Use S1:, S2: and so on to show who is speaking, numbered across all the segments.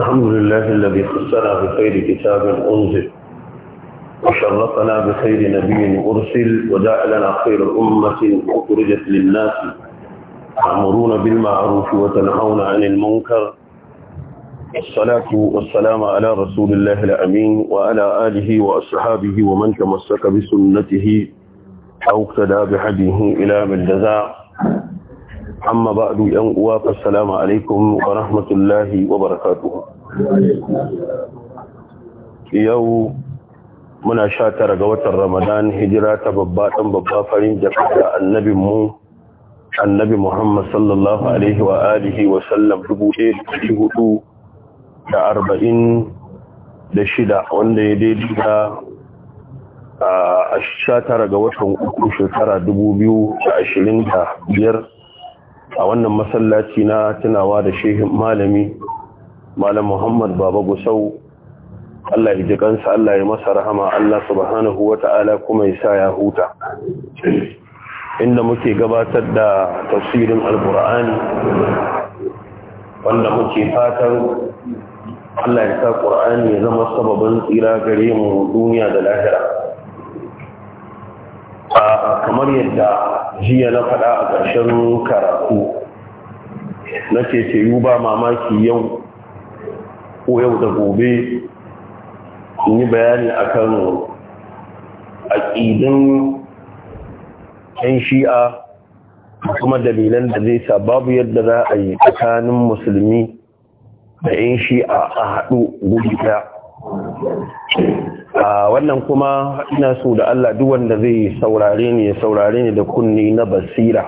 S1: الحمد لله الذي خصنا بخير كتاب أنزل وشرفنا بخير نبي أرسل وجعلنا خير أمة أخرجت للناس تأمرون بالمعروف وتنهون عن المنكر الصلاة والسلام على رسول الله الأمين وعلى آله وأصحابه ومن تمسك بسنته أو اقتدى بحديه إلى بالجزاء amma ba du yan uwa assalamu alaikum wa rahmatullahi wa barakatuh yau muna sha ga watan ramadan hijira ta babba dan babba farin jaka da annabin mu annabi muhammad sallallahu alaihi wa alihi wa sallam dubu hudu da arba'in da shida wanda ya daidai da a sha ga watan uku shekara dubu biyu da ashirin da biyar a wannan masallaci na tunawa da shehin malami malam muhammad baba gusau Allah ya ji kansa, Allah ya masa rahama Allah subhanahu wata'ala kuma ya sa ya huta inda muke gabatar da tafsirin alkur'ani wanda muke fatan Allah ya sa ƙur'ani ya zama sababin tsira gare mu duniya da lahira kamar yadda jiya na faɗa a ƙarshen karatu na ce yi ba mamaki yau ko yau da gobe yi bayani a akan aƙidin yan shi'a kuma dalilan da zai sa babu yadda za a yi tsakanin musulmi da yan shi'a a haɗu gudu ɗaya a wannan kuma ina so da Allah duk wanda zai saurare ni ya saurare ni da kunni na basira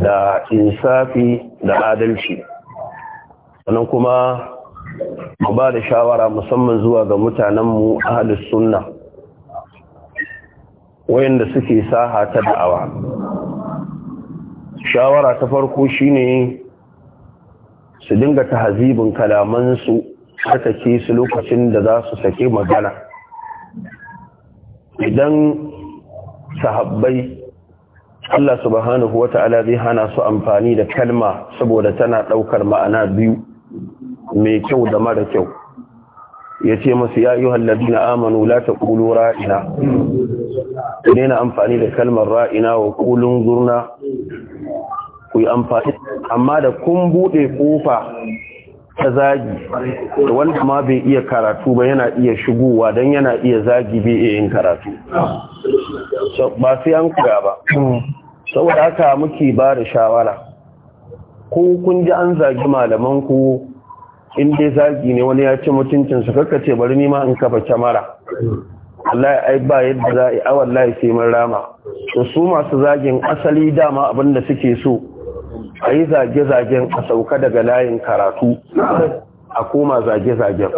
S1: da insafi da adalci sannan kuma mu ba da shawara musamman zuwa ga mutanenmu ahalus sunna wayanda suke saha ta da'awa shawara ta farko shine su dinga ta tahazibin kalamansu harkace su lokacin da za su sake magana idan sahabbai Allah subhanahu wa ta'ala zai hana su amfani da kalma saboda tana ɗaukar ma'ana biyu mai kyau da mara kyau ya ce masu ya yi hallabi na amanu la ta ƙulu ra'ina ne na amfani da kalmar ra'ina wa ƙulun zurna ku yi amfani amma da kun buɗe ƙofa ta zagi da wanda ma bai iya karatu ba yana iya shigowa don yana iya zagi bai iya yin karatu ba sai an kura ba saboda haka muke ba da shawara ko kun ji an zagi malaman ku in dai zagi ne wani ya ce mutuncin su kakka ce bari nima in kafa kyamara wallahi ai ba yadda za a yi a wallahi sai mun rama to masu zagin asali dama abin da suke so a yi zage-zagen a sauka daga layin karatu a koma zage-zagen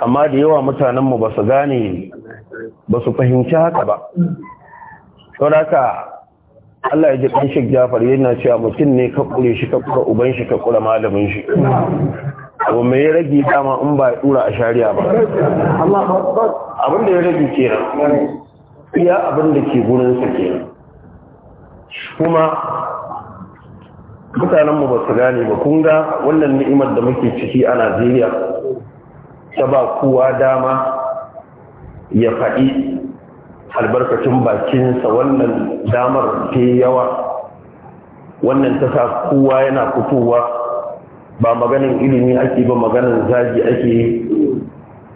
S1: amma da yawa mutanenmu ba su gane ba su fahimci haka ba sauraka Allah ya ji ƙanshin jafar yana cewa mutum ne ka ƙure shi ka ƙura uban shi ka ƙura malamin shi abu mai ya rage dama in ba ya a shari'a ba abin da ya rage kenan iya abin da ke gurin su kenan kuma mutanenmu ba su gane ba kun ga wannan ni'imar da muke ciki a najeriya ta ba kowa dama ya faɗi albarkacin bakinsa wannan damar ke yawa wannan ta sa kowa yana fitowa ba maganin ilimi ake ba maganin zagi ake yi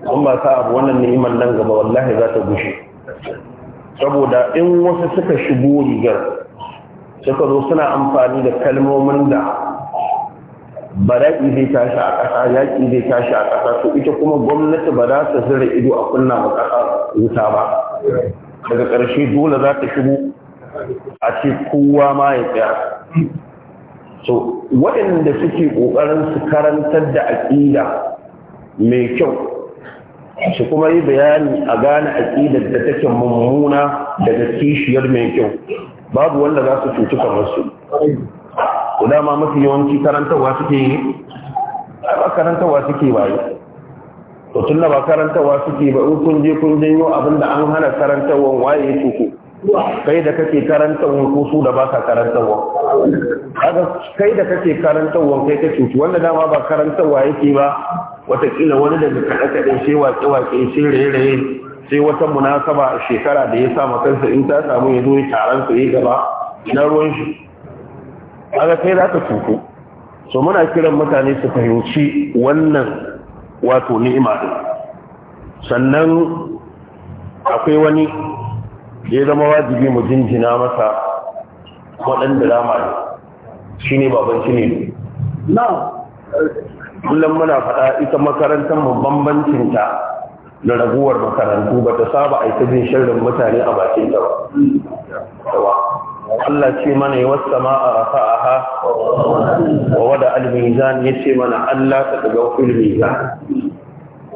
S1: kun ba sa abu wannan ni'imar nan gaba wallahi za ta gushe saboda in wasu suka shigo rigar suka zo suna amfani da kalmomin da bala'i zai tashi a ƙasa yaƙi zai tashi a ƙasa to ita kuma gwamnati ba za ta zira ido a kunna wa ƙasa wuta ba daga ƙarshe dole za ta shigo a ce kowa ma ya tsaya so waɗanda suke ƙoƙarin su karantar da aƙida mai kyau su kuma yi bayani a gane aƙidar da take mummuna daga kishiyar mai kyau babu wanda za su cuci kamar su kuda ma mafi yawanci karantarwa suke yi ba karantarwa suke ba yi to tun da ba karantarwa suke ba in kun je kun janyo abin da an hana karantarwan waye ya cuku kai da kake karantarwan ko su da ba ka karantarwan kai da kake karantarwan kai ka cuci wanda dama ba karantarwa yake ba watakila wani daga kaɗe-kaɗe sai wake-wake, sai raye-raye sai wata munasaba a shekara da ya sa kansa in ta samu ya zo ya taron su ya gaba na ruwan shi aga kai za ka tuto so muna kiran mutane su fahimci wannan wato ni'ima din sannan akwai wani da ya zama wajibi mu jinjina masa waɗanda rama ne shi ne baban shi ne na kullum muna faɗa ita makarantar mu bambancinta da raguwar makarantu ba ta saba a jin shirin mutane a bakin ta ba Allah ce mana yi wasu sama'a rafa a ha wa wada almizan ya ce mana Allah ta daga filmizan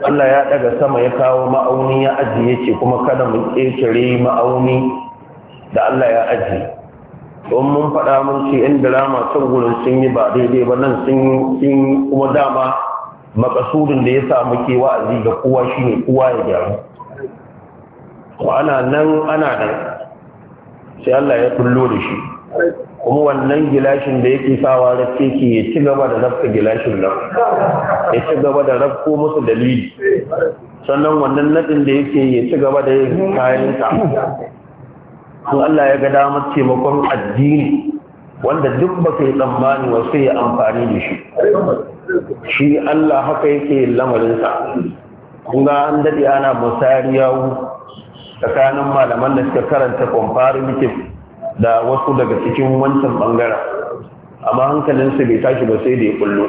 S1: Allah ya daga sama ya kawo ma'auni ya ajiye ce kuma kada mu ƙetare ma'auni da Allah ya ajiye don mun faɗa mun ce yan drama can gurin sun yi ba daidai ba nan sun yi kuma dama makasudin da ya samu ke wa'azi ga kowa shine kowa ya gyaru ko ana nan ana nan sai Allah ya kullo da shi kuma wannan gilashin da yake sawa da ke ya ci gaba da rafka gilashin nan ya ci gaba da rafko musu dalili sannan wannan nadin da yake ya ci gaba da kayan sa in Allah ya ga damar taimakon addini wanda duk ba yi tsammani wasu ya amfani da shi shi Allah haka yake lamarinsa kuma an daɗe ana musariyawu tsakanin malaman da suka karanta comparative da wasu daga cikin wancan bangaren amma hankalinsu bai tashi ba sai da ya kullu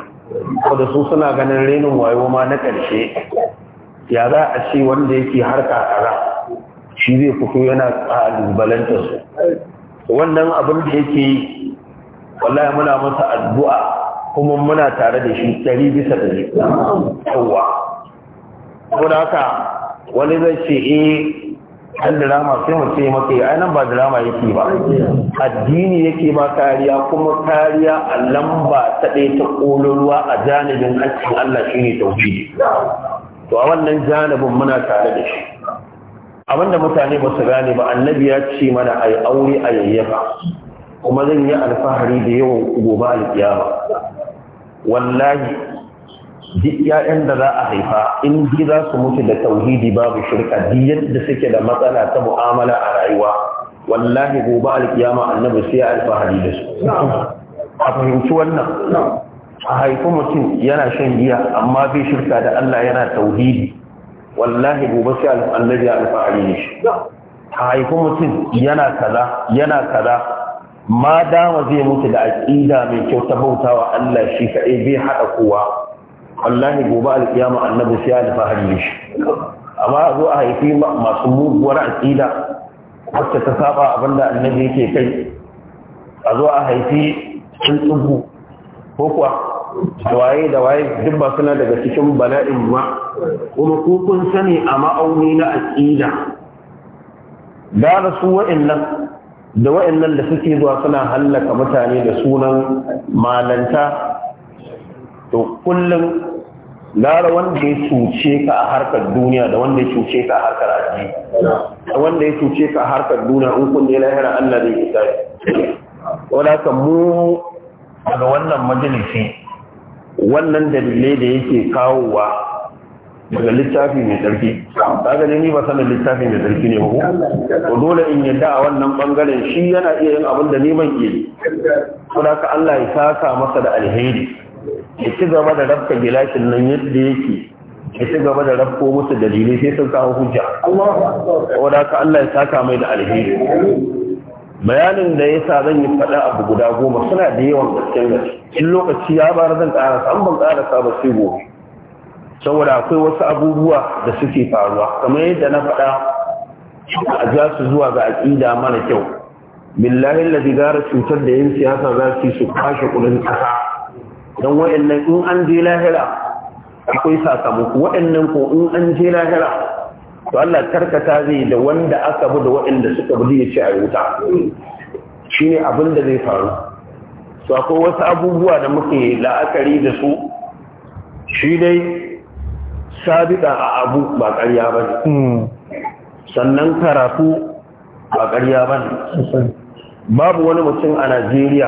S1: saboda su suna ganin renin wayo ma na ƙarshe ya za a ce wanda yake harka kaza shi zai fito yana ƙalubalantar su wannan abin da yake wallahi muna masa addu'a kuma muna tare da shi ɗari bisa ɗari yawa saboda wani zai ce eh an dirama sai mu ce maka ai nan ba drama yake ba addini yake ba kariya kuma kariya a lamba ta ɗaya ta ƙololuwa a janibin hakkin Allah shine tauhidi to a wannan janibin muna tare da shi abinda mutane ba su gane ba annabi ya ce mana yi aure a yayyafa kuma zan yi alfahari da yawan gobe alkiyama wallahi duk ƴaƴan da za a haifa in ji za su mutu da tauhidi babu shirka duk yadda suke da matsala ta mu'amala a rayuwa wallahi gobe alkiyama annabi sai alfahari da su a fahimci wannan a haifi mutum yana shan giya amma bai shirka da Allah yana tauhidi wallahi gobe sai annabi alfahari da shi a haifi mutum yana kaza yana kaza ma dama zai mutu da aƙida mai kyau ta bautawa Allah shi kaɗai bai haɗa kowa wallahi gobe alƙiyama annabi sai ya nufa hajji shi amma a zo a haifi masu muguwar aƙida wacce ta saba abin da annabi yake kai a zo a haifi tsuntsugu ko kuwa waye da waye duk ba suna daga cikin bala'in ba kuma ku kun sani a ma'auni na aƙida da rasu wa'annan da wa'annan da suke zuwa suna hallaka mutane da sunan malanta to kullum gara wanda ya cuce ka a harkar duniya da wanda ya cuce ka a harkar aji da wanda ya cuce ka a harkar duniya in kun je lahira Allah zai isa wanda ka mu daga wannan majalisi wannan dalilai da yake kawowa daga littafi mai tsarki ta gani ni ba sanin littafi mai tsarki ne ko ko dole in yadda a wannan bangaren shi yana iya yin abin da neman iya yi da ka Allah ya saka masa da alheri ya ci gaba da rafka gilashin nan yadda yake ya ci gaba da rafko musu dalilai sai sun kawo hujja Ko da ka Allah ya saka mai da alheri bayanin da ya sa zan yi faɗa abu guda goma suna da yawan gaske in lokaci ya bar zan ƙarasa an ban ƙarasa ba sai gobe saboda akwai wasu abubuwa da suke faruwa kamar yadda na faɗa a za su zuwa ga aƙida mana kyau billahi lazi gara cutar da yin siyasa za su su kashe kudin ƙasa don waɗannan in an je lahira akwai sakamako waɗannan ko in an je lahira to Allah karkata zai da wanda aka bi da waɗanda suka bi ya ce a wuta shine abin da zai faru to akwai wasu abubuwa da muke la'akari da su shi dai sabida a abu ba ƙarya ba ne hmm. sannan karatu ba ƙarya ba ne babu wani mutum a najeriya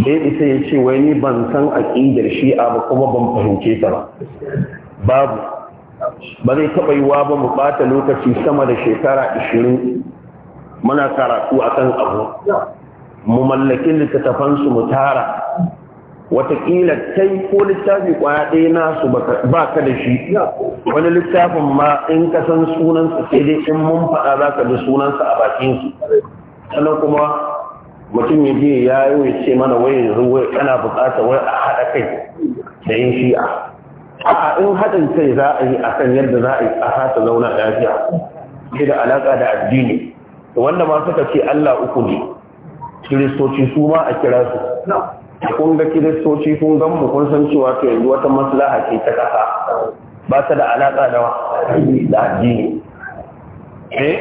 S1: da ya isa ya ce wai ni ban san a aƙidar shi'a ba kuma ban fahimce ta ba babu ba zai taɓa yiwa ba mu ɓata lokaci sama da shekara 20 muna karatu akan abu mu mallaki littattafansu mu tara watakila kai ko littafi kwaya ɗaya nasu ba ka da shi wani littafin ma in ka san sunansa sai dai in mun faɗa za ka ji sunansa a bakin bakinsu sannan kuma mutum ya je ya yi ce mana wai yanzu wai kana buƙatar wai a haɗa kai da yin shi'a a in haɗin kai za a yi a kan yadda za a yi a ta zauna lafiya sai da alaƙa da addini wanda ma suka ce Allah uku ne kiristoci su ma a kira su da kiristoci kun gan mu kun san cewa ke yanzu wata maslaha ce ta kasa ba ta da alaƙa da da addini eh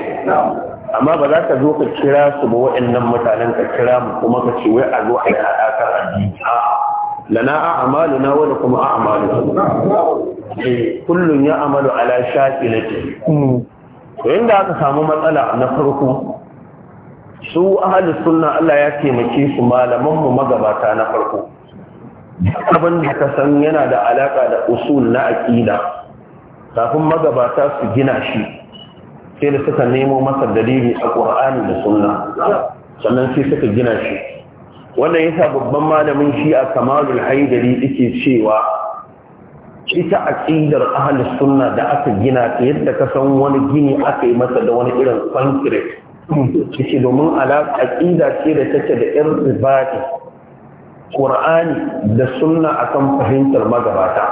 S1: amma ba za ka zo ka kira su ba waɗannan mutanen ka kira mu kuma ka ce wai a zo a yi haɗakar addini lana a'maluna kuma lakum a'malukum eh ya amalu ala shakilati hmm. to inda aka samu matsala na farko su ahalus sunna Allah ya taimake su malaman mu magabata na farko abin da ka san yana da alaka da usul na aƙida. kafin magabata su gina shi sai da suka nemo masa dalili a Qur'ani da sunna sannan sai suka gina shi wannan yasa babban malamin shi a Kamalul Haidari yake cewa ita aƙidar ahlus sunna da aka gina ta yadda ka san wani gini aka yi masa da wani irin concrete kishi domin alaƙa ce da take da irin ribati ƙur'ani da sunna akan fahimtar magabata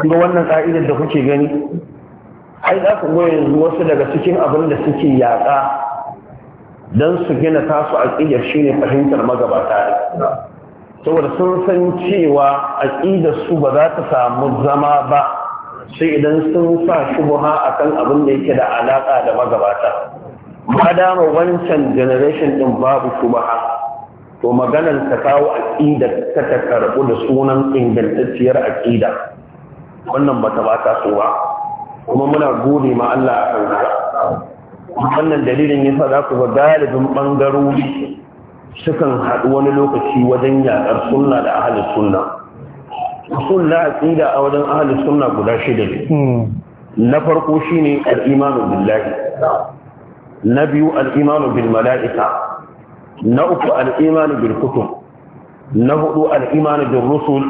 S1: kuma wannan ƙa'idar da kuke gani ai za ku yanzu wasu daga cikin abin da suke yaƙa don su gina tasu aƙidar shi ne fahimtar magabata saboda sun san cewa aƙidar su ba za ta samu zama ba sai idan sun sa shubuha akan abin da yake da alaƙa da magabata ma dama wancan generation din babu shubaha to maganar ta kawo aqida ta ta karbu da sunan ingantacciyar aqida wannan bata bata so ba kuma muna gode ma Allah akan haka wannan dalilin yasa za ku ga galibin bangarori sukan haɗu wani lokaci wajen yaƙar sunna da ahalin sunna na aqida a wajen ahalin sunna guda shida ne hmm. na farko shine al-imanu billahi na biyu al'imanu bil mala'ika na uku al'imanu bil na hudu al'imanu bil rusul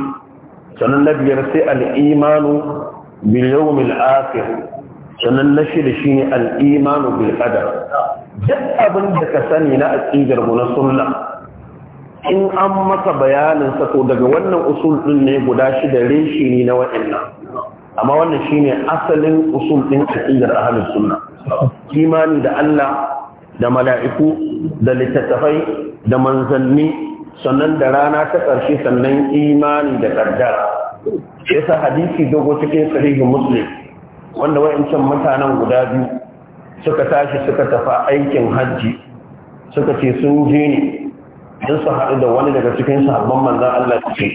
S1: sannan na biyar sai al'imanu bil yawmil sannan na shida shine al'imanu bil qadar duk abin da ka sani na aqidar mu na sunna in an maka bayanin sa to daga wannan usul din ne guda shida reshi ne na wa'annan amma wannan shine asalin usul din aqidar ahlus sunna imani da Allah da mala'iku da littattafai da manzanni sannan da rana ta ƙarshe sannan imani da Ya yasa hadisi dogo cikin sahihi muslim wanda wayancan mutanen guda biyu suka tashi suka tafi aikin hajji suka ce sun je ne don su haɗu da wani daga cikin sahabban manzan Allah ce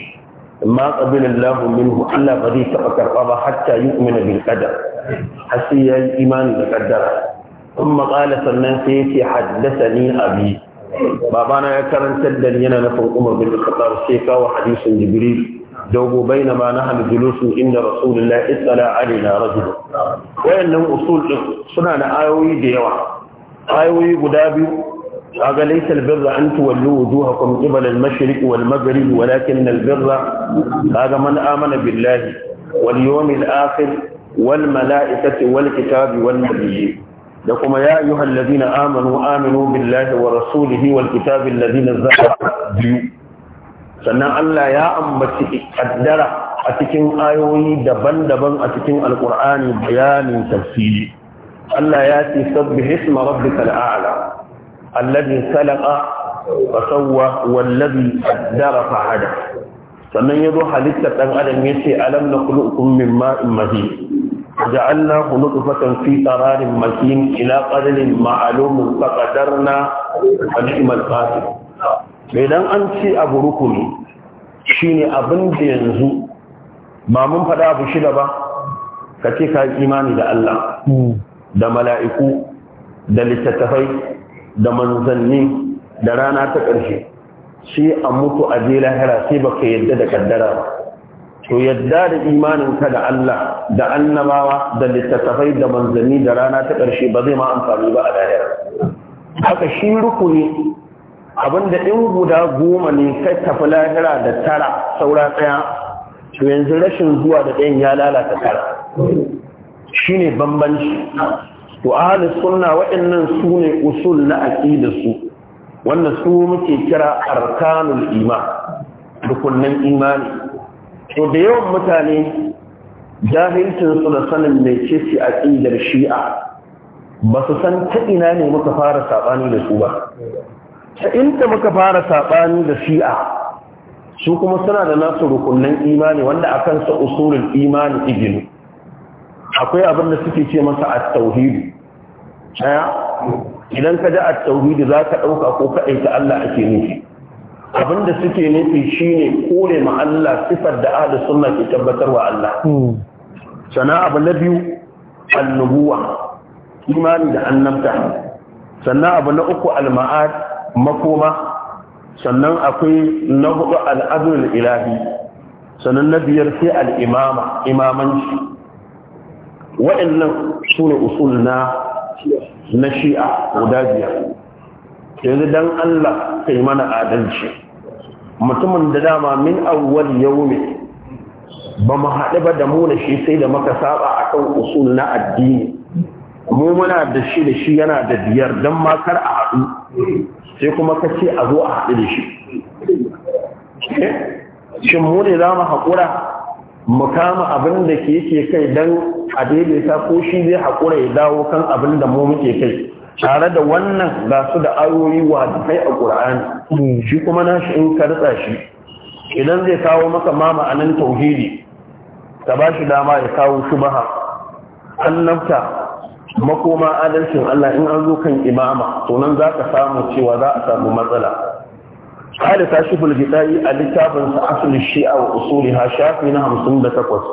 S1: ma qabila Allahu minhu Allah ba zai taɓa karɓa ba hatta yu'mina bil qadar hasi ya imani da kaddara in maƙala sannan sai yake haddasa ni abi babana ya karantar da yana nufin umar bin khattab sai kawo hadisin jibril dogo baina ma nahnu julusu inda rasulullah ittala alaina rajul wayannan usul din suna da ayoyi da yawa ayoyi guda biyu قال ليس البر أن تولوا وجوهكم قبل المشرق والمغرب ولكن البر kaga من amana billahi واليوم الآخر wal mala'ikati wal kitabi wal nabiyyi da kuma ya ayyuhal ladina amanu aminu billahi wa rasulihi wal kitabi alladhi nazzala biyu sannan Allah ya ambaci kaddara a cikin ayoyi daban-daban a cikin alqur'ani bayanin tafsiri Allah ya ce sabbih isma rabbikal a'la alladhi khalaqa fa sawwa walladhi qaddara fa hada sannan yazo halitta dan adam yace alam nakhluqukum min ma'in mahin جعلناه نطفة في قرار مكين إلى قدر معلوم فقدرنا فنعم القادر idan an ci abu rukuni shine abin da yanzu ba mun faɗa abu shida ba ka ce ka imani da Allah da mala'iku da littattafai da manzanni da rana ta ƙarshe sai a mutu a je lahira sai baka yadda da kaddara ba to yadda da imaninka da Allah da annabawa da littattafai da manzanni da rana ta ƙarshe ba zai ma amfani ba a lahira haka shi rukuni abinda in guda goma ne kai tafi lahira da tara saura ɗaya to yanzu rashin zuwa da ɗayan ya lalata tara shine bambanci to ahalin sunna waɗannan su ne usul na su. wanda su muke kira arkanul iman rukunnan imani to da yawan mutane jahilcinsu da sanin mai ce ce a ƙidar shi'a ba su san ta ina ne muka fara saɓani da su ba ta inda muka fara saɓani da shi'a su kuma suna da nasu rukunin imani wanda a kansa usulun imani igini akwai abin da suke ce masa a tauhidu ɗaya idan ka ji a tauhidu za ka ɗauka ko ka ta Allah ake nufi Abin da suke nufi shine kore ma Allah sifar da ahlus sunna ke tabbatarwa Allah hmm. sana abu na biyu annubuwa imani da annabta sannan abu na uku alma'ad makoma sannan akwai na hudu al'adul ilahi sannan na biyar sai al'imama imamanci wa'annan su ne usul na na shi'a guda biyar yanzu don allah kai mana adalci mutumin da dama min awwal yawmi ba mu haɗu ba da mu da shi sai da maka saba akan usul na addini mu muna da shi da shi yana da biyar don makar a haɗu sai kuma ka ce a zo a haɗu da shi eh? shin mu ne za mu haƙura mu kama abin da ke yake kai don a daidaita ko shi zai haƙura ya dawo kan abin da mu muke kai tare da wannan ga su da ayoyi wa a ƙur'ani hmm. shi kuma nashi in ka ritsa shi idan zai kawo maka ma ma'anan tauhidi ka ba shi dama ya kawo baha annabta makoma adalcin Allah in an zo kan imama to nan za ka samu cewa za a samu matsala Ali ta shi bulgidayi a littafinsa asali shi'a wa usuliha shafi na hamsin da takwas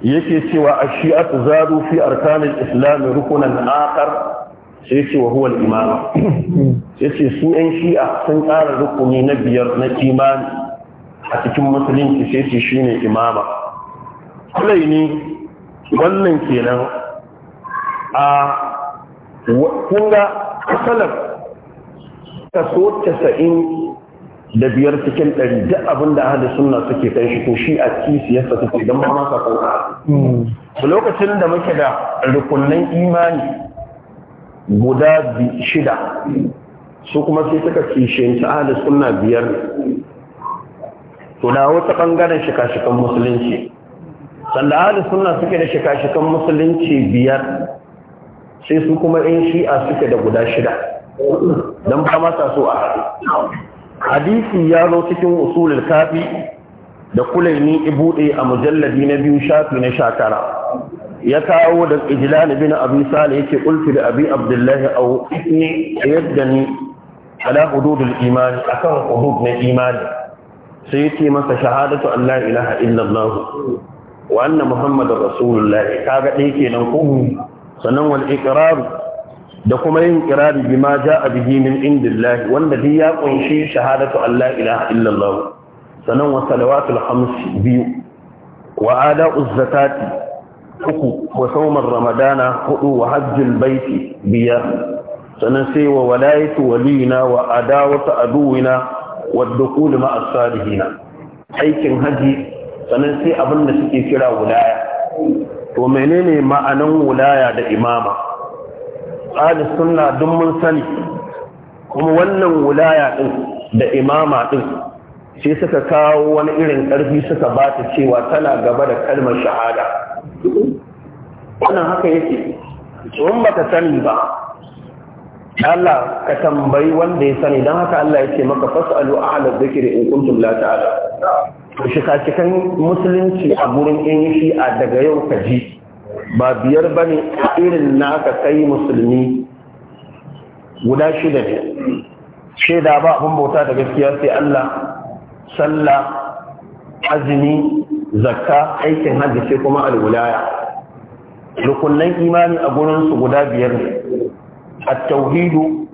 S1: yake cewa a shi'a ta zaru fi arkanin islami rukunan akar sai ce wa huwa imama sai ce su yan shi'a sun ƙara rukuni na biyar na imani a cikin musulunci sai ce shi ne imama kulai ne wannan kenan a kun ga asalar kaso casa'in da biyar cikin ɗari da abin da ahli suna suke kai shi ko shi a kisi yasa suke don ba ma sa hmm. lokacin da muke da rukunnan imani guda shida su kuma sai suka kishinci ahalus suna biyar suna wata ɓangaren shika-shikan musulunci sanda ahalis suna suke da shika-shikan musulunci biyar sai su kuma yan shi'a suke da guda shida don ba masa so a haɗu hadisi ya zo cikin usulul kafi da kulaini ibuɗe a mujalladi na biyu shafi na shakara? ya kawo da ijlal bin abi salih yake qultu da abi abdullahi aw ibni yaddani ala hududul iman akan hudud na imani sai yake masa shahadatu an la ilaha illallah wa anna muhammadar rasulullah kaga dai kenan ko sannan wal iqrar da kuma yin kirari bima jaa bihi min indillah wanda dai ya kunshi shahadatu an la ilaha illallah sannan wa salawatul khams biyu wa ada'uz zakati uku wa saumar ramadana hudu wa hajjul baiti biyar sannan sai wa walayatu waliyina wa adawatu aduwina wa dukul ma'a salihina aikin haji sannan sai abin da suke kira wulaya to menene ma'anan wulaya da imama ahli sunna duk mun sani kuma wannan wulaya din da imama din sai suka kawo wani irin ƙarfi suka ba ta cewa tana gaba da kalmar shahada wannan haka yake ba baka sani ba Allah ka tambayi wanda ya sani don haka Allah ya ce maka fasu fasalu da kira in kuntum la ta'ala to shi cikin musulunci a gurin in shi a daga yau ka ji ba biyar ba a irin naka kai musulmi guda shida ne shaida ba abin bauta da gaskiya sai Allah sallah azumi zakka aikin hajji sai kuma al'ulaya. rukunan imani a gurinsu guda biyar ne A tauhidu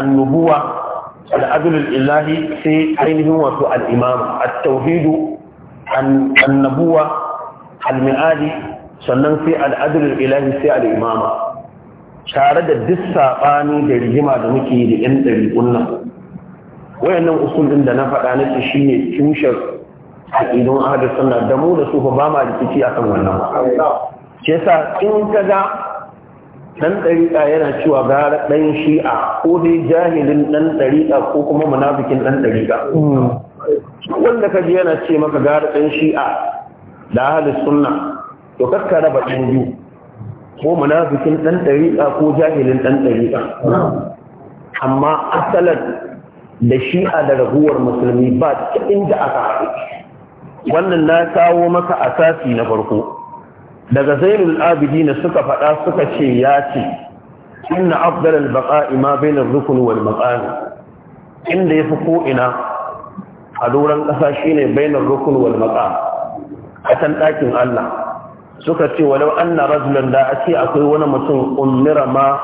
S1: al-nubuwa العدل الإلهي في عينه وسوء الإمام sannan sai al'adul ilahi sai al'imama tare da duk saɓani da rigima da muke da ‘yan ɗari ƙunna wayannan ɗin da na faɗa na shi ne tushen aƙidun ahadu suna da mu da su ba ma rikici akan wannan ce sa in ka ga ɗan ɗariƙa yana cewa gara ɗan shi'a ko dai jahilin ɗan ɗariƙa ko kuma munafikin ɗan ɗariƙa wanda ka ji yana ce maka gara ɗan shi'a da ahalus sunna to kakka raba ɗan biyu ko munafikin ɗan ɗariƙa ko jahilin ɗan ɗariƙa amma asalan da shi'a da raguwar musulmi ba cikin da aka haɗu wannan na kawo maka asasi na farko daga zainul Abidina suka faɗa suka ce ya ce inna afdalal baqa'i ma bainar rukun wal maqami inda yafi ko ina a doran ƙasa shine bainar rukun wal maqam a can ɗakin Allah suka ce walau anna rajulan da ake akwai wani mutum ummira ma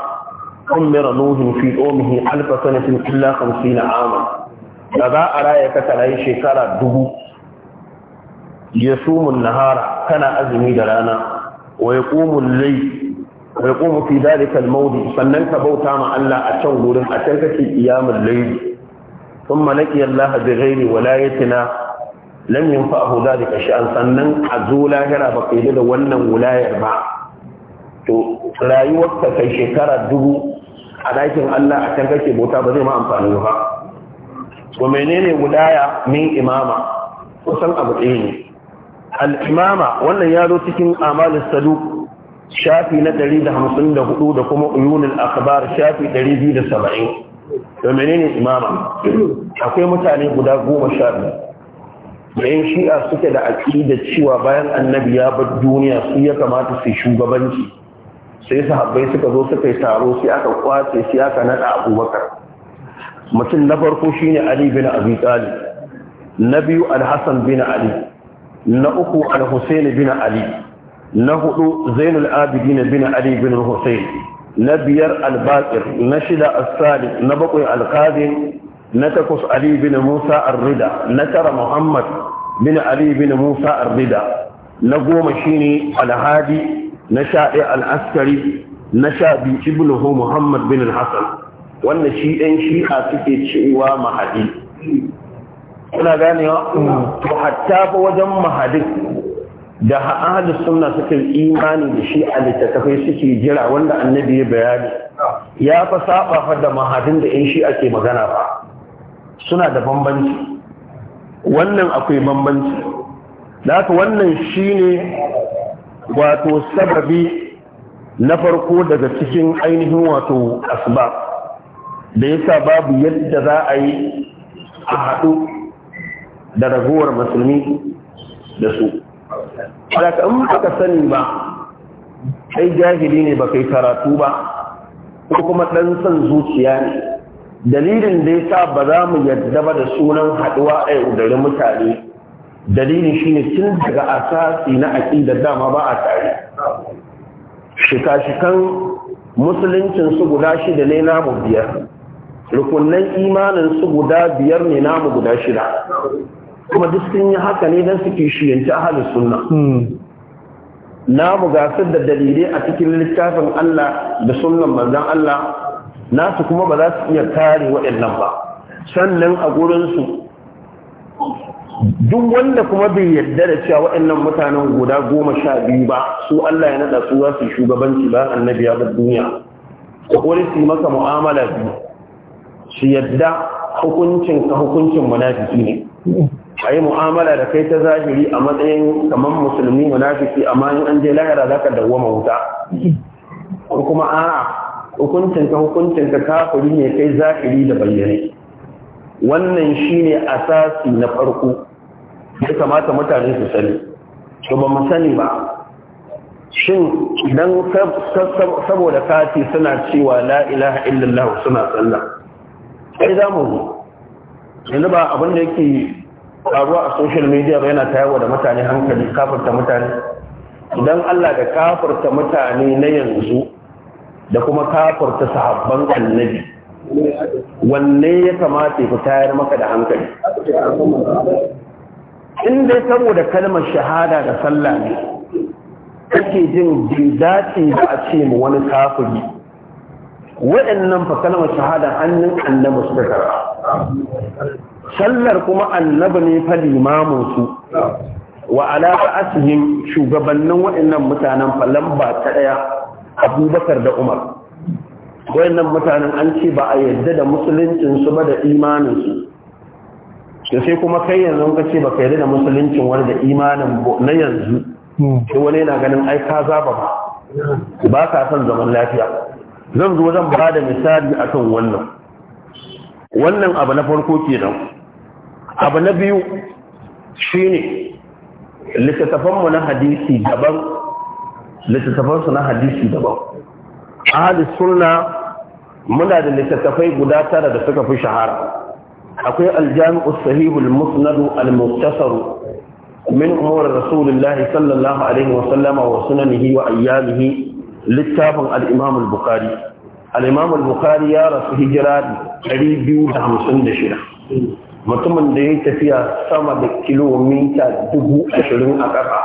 S1: ummira nuhin fi umihi alfa sanatin illa 50 ama da za a raya ka shekara dubu ya nahara kana azumi da rana wai kumun lai wai sannan ka bauta ma Allah a can wurin a can kake iyamun lai sun malaki Allah bi ghairi walayatina lam yanfa'u dalika shi'an sannan a zo lahira ba kai da wannan wilayar ba to rayuwar kai shekara dubu a dakin Allah a can kake bauta ba zai ma amfani ba ko menene wilaya min imama kusan abu ɗaya ne al'imama wannan ya zo cikin amalin sadu shafi na 154 da kuma uyunin akabar shafi 270 da menene imama akwai mutane guda goma sha Bayan da shi'a suke da da cewa bayan annabi ya bar duniya su ya kamata su shugabanci sai sahabbai suka zo suka yi taro sai aka kwace sai aka naɗa abubakar mutum na farko shine ali bin abi talib na biyu alhassan bin ali na uku al-husayn bin ali na hudu zainul abidin bin ali bin hussein, na biyar al-baqir na shida as-salih na bakwai al-qadim na takwas ali bin musa ar-rida na tara muhammad bin ali bin musa ar-rida na goma shine al-hadi na sha ɗaya al-askari na sha biyu ibnu muhammad bin al-hasan wanda shi ɗan shi'a suke cewa mahadi kuna wa mm. to hatta fa wajen mahadin da ahli sunna suka yi imani da shi a littattafai suke jira wanda annabi ya bayani ya fa saba fa da mahadin da yan shi ake magana ba suna da bambanci wannan akwai bambanci da haka wannan shine wato sababi na farko daga cikin ainihin wato asbab da yasa babu yadda za a yi a haɗu da ragowar musulmi da su daga in baka sani ba kai jahili ne ba kai karatu ba ko kuma ɗan san zuciya ne dalilin da ya sa ba za mu yadda ba da sunan haɗuwa a yaudari mutane dalilin shine tun daga asasi na da dama ba a tare shika-shikan musuluncin su guda shida ne na biyar rukunan imanin su guda biyar ne namu guda shida kuma duk sun yi haka ne don suke shiyanci halin suna? Hmm. namu gasar da dalilai a cikin littafin Allah da sunan manzon Allah nasu kuma ba za su iya kare waɗannan ba sannan a gurinsu duk wanda kuma bai yarda da cewa waɗannan mutanen guda goma sha biyu ba su Allah ya naɗa su za su shugabanci ba annabi ya duniya Ko kore su maka mu'amala biyu su yadda hukuncin ka hukuncin munafiki ne a yi mu'amala da kai ta zahiri a matsayin kamar musulmi munafiki amma in an je lahira za ka dawwama wuta ko kuma a'a hukuncin ka hukuncin ka kafiri ne kai zahiri da bayyane wannan shine asasi na farko ya kamata mutane su sani to ba mu sani ba shin idan saboda kati suna cewa la ilaha illallah suna sallah ai za mu yanzu ba abin da yake faruwa a social media ba yana tayarwa da mutane hankali kafarta mutane idan Allah da kafarta mutane na yanzu da kuma kafarta sahabban annabi wanne ya kamata ya tayar maka da hankali in dai saboda kalmar shahada da sallah ne kake jin dace ba a ce mu wani kafiri waɗannan fa kalmar shahada annin annabi su karɓa sallar kuma annabi ne fa limamin su wa ala asihim shugabannin waɗannan mutanen fa lamba ta ɗaya abubakar da umar waɗannan mutanen an ce ba a yadda da musuluncin su ba da imanin su to sai kuma kai yanzu ka ce ba ka da musuluncin wani da imanin na yanzu to hmm. wani yana ganin ai ka zaba ba ba ka son zaman lafiya zan zo zan ba da misali akan wannan wannan abu na farko kenan abu na biyu shine littattafanmu na hadisi daban littattafansu na hadisi daban ahli sunna muna da littattafai guda tara da suka fi shahara akwai aljami'u sahihul musnadu al-muktasar min umar rasulullahi sallallahu alaihi wa sallama wa sunanihi wa ayyamihi littafin al-Imam al-Bukhari al al-Bukhari ya rasu hijira 256 mutumin da ya tafiya sama da kilomita 20 a ƙasa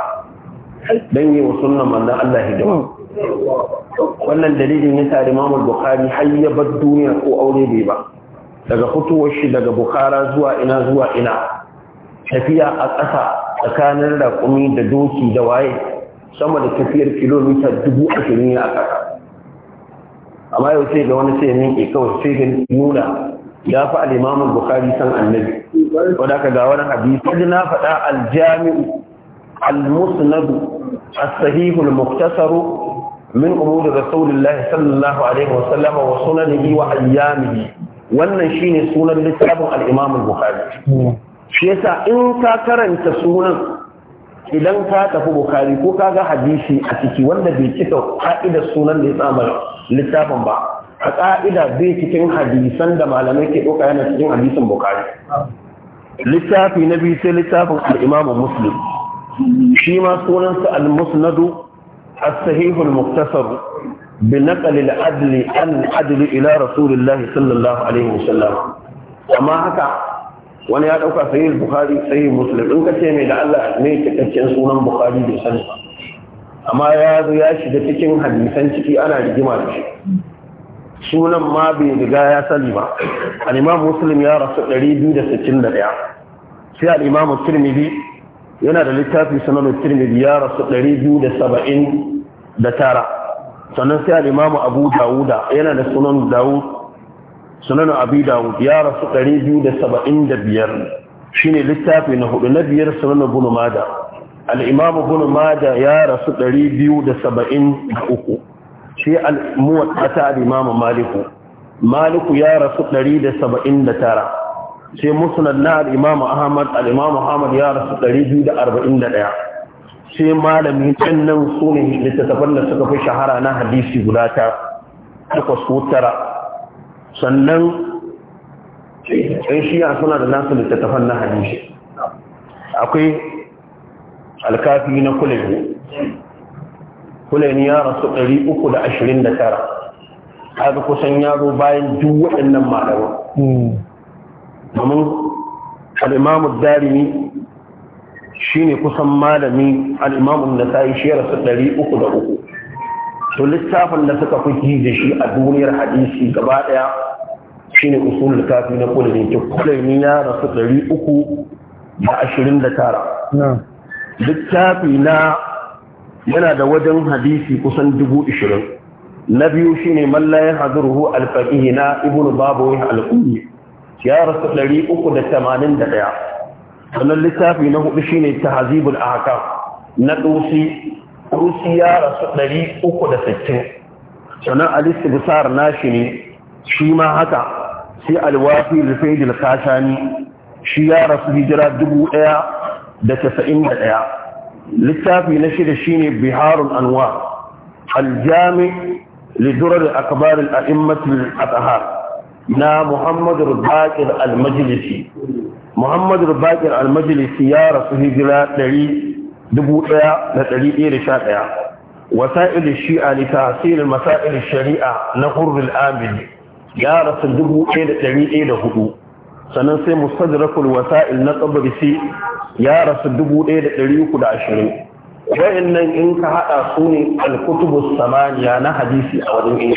S1: dan yi wa sunan manzon Allah hijira wannan dalilin ya tare Imam al-Bukhari har ya bar duniya ko aure bai ba daga fitowar shi daga Bukhara zuwa ina zuwa ina tafiya a ƙasa tsakanin raƙumi da doki da waye sama da tafiyar kilomita dubu ashirin a ƙasa amma yau sai ga wani sai ya miƙe kawai sai ga nuna ya fi alimamin bukari san annabi wadda ka ga wani hadisi na faɗa aljami'u المسند الصحيح المختصر من أمور رسول الله Wa الله عليه وسلم وسننه وأيامه wannan shine sunan littafin al-Imam al-Bukhari shi yasa in ka karanta sunan idan ka tafi bukari ko ka ga hadisi a ciki wanda bai cika ka'idar sunan da ya tsama littafin ba a ka'ida bai cikin hadisan da malamai ke ɗauka yana cikin hadisin bukari littafi na biyu sai littafin al'imamu muslim shi ma sunansa al-musnadu as-sahihu al bi naqli al-adli an adli ila rasulillah sallallahu alaihi wasallam amma haka wani ya dauka sahih bukhari sahih muslim in kace mai da Allah ne cikakken sunan bukhari da sani ba amma ya zo ya shiga cikin hadisan ciki ana rigima da shi sunan ma bai riga ya sani ba al-imam muslim ya rasu 261 sai al-imam tirmidhi yana da littafi sunan tirmidhi ya rasu 279 sannan sai al-imam abu dawuda yana da sunan dawud sunan abi dawud ya rasu 275 shine littafi na hudu na biyar sunan ibn mada al-imam ibn mada ya rasu 273 shi al-muwatta al-imam maliku maliku ya rasu 179 sai musnad na al-imam ahmad al-imam ahmad ya rasu 241 sai malami ɗan nan su ne littattafan da suka fi shahara na hadisi guda ta takwas ko tara sannan ɗan suna da nasu littattafan na hadisi akwai alkafi na kulani kulani ya rasu 329 haka kusan yaro bayan duk waɗannan malaman domin al'imamu darimi shi ne kusan malami al'imamun da ta yi su 300 da 303 to littafin da suka fi ji da shi a duniyar hadisi gaba ɗaya Shi ne usulul kafi na kullum ke kullum ya rasu 329 littafi na yana da wajen hadisi kusan 20 na biyu shine man la yahduruhu al-faqih na ibnu babu al-qulli ya rasu 381 sannan littafi na hudu shine tahzibul ahkam na dusi dusi ya rasu 360 sannan al-istibsar nashi ne shi ma haka sai alwafi rufaidil kasani shi ya rasu hijira dubu ɗaya da tasa'in da ɗaya littafi na shida shine biharun anwa aljami lidurar akabarin a'immatul atahar na muhammadu bakir almajlisi muhammadu bakir almajlisi ya rasu hijira 1111 wasa'il shi'a li tahsil masail shari'a na hurr al ya rasu dubu ɗaya da ɗari ɗaya da hudu sannan sai mustadrakul wasa'il na tabarisi ya rasu dubu ɗaya da ɗari uku da ashirin nan in ka haɗa su ne alkutubu samaniya na hadisi a wajen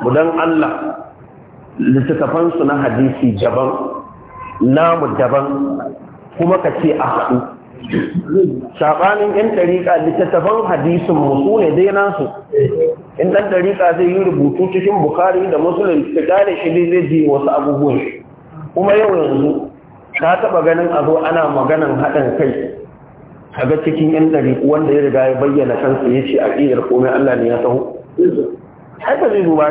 S1: Mu budan allah littattafansu na hadisi daban namu daban kuma ka ce a haɗu saɓanin yan ɗariƙa littattafan hadisin musu ne dai nasu in ɗan ɗariƙa zai yi rubutu cikin bukari da musulun ta gane shi ne zai ji wasu abubuwan shi kuma yau yanzu ta taɓa ganin a zo ana maganan haɗin kai a ga cikin yan ɗari wanda ya riga ya bayyana kansa ya ce ƙiyar komai allah ne ya taho haka zai duba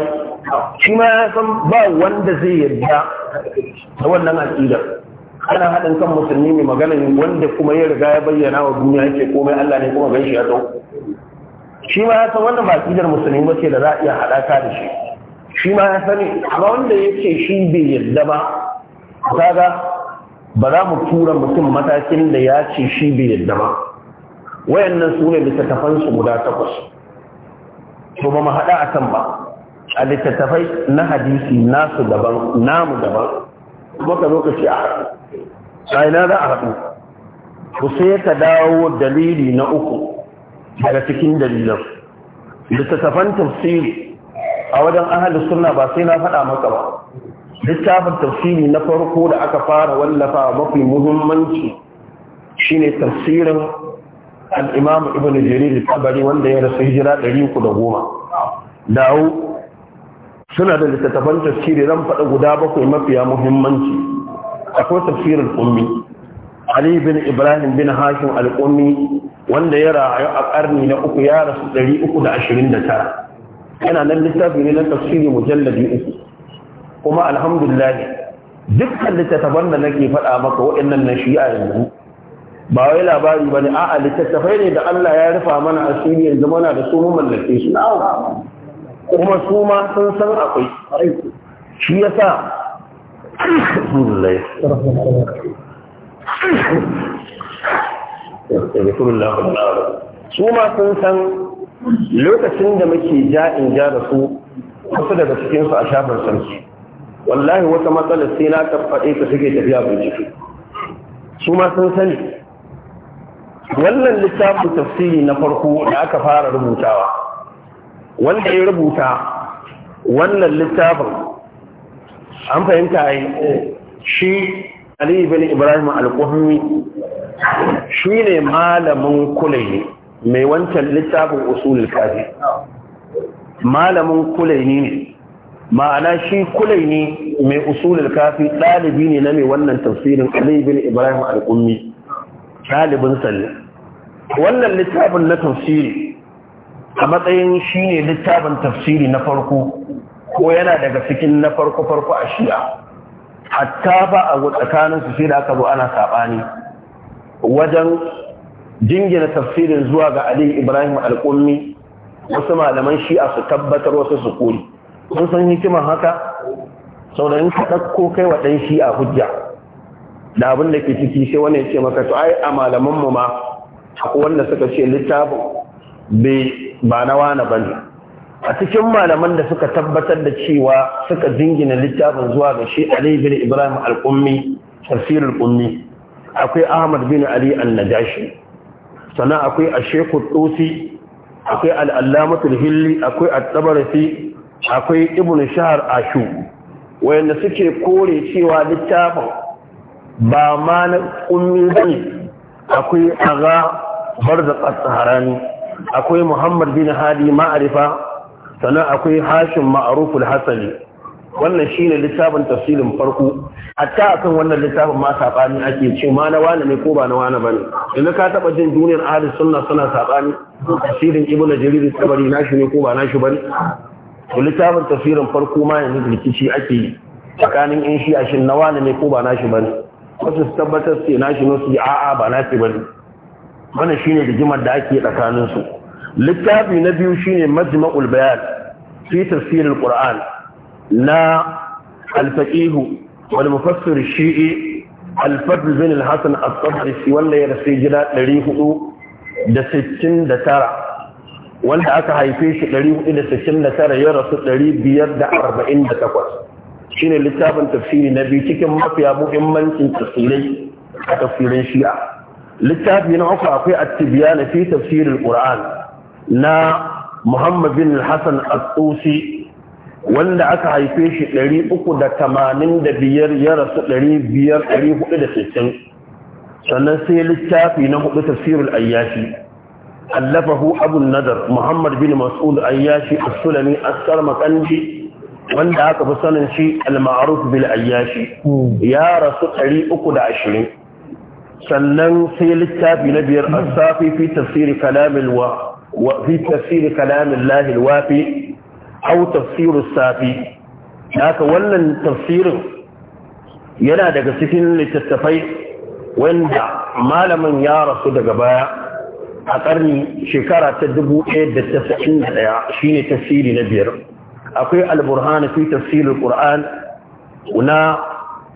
S1: shi ma ya san ba wanda zai yarda da wannan aƙidar ana haɗin kan musulmi mai maganan wanda kuma ya riga ya bayyana wa duniya ya ce komai allah ne kuma gan shi ya taho shi ma ya san wannan ba kidar musulmi ba ce da za a iya haɗaka da shi shi ma ya sani amma wanda ya ce shi bai yarda ba kaga ba za mu tura mutum matakin da ya ce shi bai yarda ba wayannan su ne littattafansu guda takwas to ba mu haɗa a kan ba a littattafai na hadisi nasu daban namu daban kuma ka zo ka ce a haɗu a ina za a haɗu ku sai ka dawo dalili na uku daga cikin dalilan littattafan tafsiri a wajen ahalus sunna ba sai na faɗa maka ba littafin tafsiri na farko da aka fara wallafa mafi muhimmanci shine tafsirin al-imam ibn jarir tabari wanda ya rasu hijira 310 dawo suna da littattafan tafsiri zan faɗa guda bakwai mafiya muhimmanci akwai tafsirin ummi ali bin ibrahim bin hashim al wanda ya rayu a karni na uku ya rasu 329 yana nan littafi ne na tafsiri mujalladi uku kuma alhamdulillah dukkan littattafan da nake faɗa maka waɗannan na shi'a yanzu ba wai labari ba ne a'a littattafai ne da Allah ya rufa mana asiri yanzu mana da su mu mallake su kuma su ma sun san akwai shi yasa su ma sun san lokacin da muke ja in ja da su wasu daga cikinsu a shafin sarki wallahi wata matsalar sai na tabbaɗe ta suke tafiya bincike su ma sun sani wannan littafin tafsiri na farko da aka fara rubutawa wanda ya rubuta wannan littafin an fahimta yi shi Aliyu bin Ibrahim al-Quhmi shine malamin kulaini mai wancan littafin usulul kafi malamin kulaini ne ma'ana shi kulaini mai usulul kafi dalibi ne na mai wannan tafsirin Aliyu bin Ibrahim al-Quhmi dalibin salli. wannan littafin na tafsiri a matsayin shine littafin tafsiri na farko ko yana daga cikin na farko farko a shi'a hatta ba a tsakaninsu sai da aka zo ana saɓani wajen jingina tafsirin zuwa ga Ali Ibrahim al-Qummi wasu malaman shi'a su tabbatar wasu su kuri sun san hikiman haka sau da ka ɗauko kai wa ɗan shi'a hujja da abin da ke ciki sai wani ya ce maka to ai a malaman mu ma akwai wanda suka ce littafin bai ba na wani bane a cikin malaman da suka tabbatar da cewa suka jingina littafin zuwa ga shi Ali bin Ibrahim al-Ummi tafsir al akwai Ahmad bin Ali al najashi sannan akwai ash Tusi akwai al-Allamah al-Hilli akwai at akwai Ibn Shahr Ashu wayanda suke kore cewa littafin ba ma na ummi bane akwai Aga Barzaq as-Saharani akwai Muhammad bin Hadi Ma'arifa sannan akwai hashin ma'arufin hasali wannan shine littafin tafsirin farko hatta akan wannan littafin ma sabani ake ce ma na wani ne ko ba na wani bane yanzu ka taba jin duniyar ahli sunna suna sabani tafsirin ibnu jarir tabari nashi ne ko ba nashi bane to littafin tafsirin farko ma yanzu rikici ake yi tsakanin in shi ashin na wani ne ko ba nashi bane wasu su tabbatar sai nashi ne su a'a ba na nashi bane wannan shine rigimar da ake tsakanin su littafi na biyu shine majma'ul bayan fi tafsirin qur'an na alfaqihu wal mufassir shi'i al-fadl bin al-hasan as-sabri wanda ya rasu jira 469 wanda aka haife shi 469 ya rasu 548 shine littafin tafsiri na biyu cikin mafiya muhimmancin tafsirai a tafsirin shi'a littafi na uku akwai at-tibyan fi tafsirin qur'an na Muhammad bin Hassan Asusi wanda aka haife shi 385 ya rasu 500 sannan sai littafi na hudu tafsirul ayyashi allafahu abun nadar muhammad bin mas'ud ayyashi as-sulami askar makanji wanda aka fi sanin shi al ma'aruf bil ayyashi hmm. ya rasu 320 sannan sai littafi na biyar as fi tafsir kalamil wa وفي تفسير كلام الله الوافي أو تفسير السافي لك ولا تفسير ينا دك سكين لتتفي وإن ما لمن يا رسول دقبايا أقرني شكرة تدبو إيد التسعين شين تفسير نبير أقول البرهان في تفسير القرآن هنا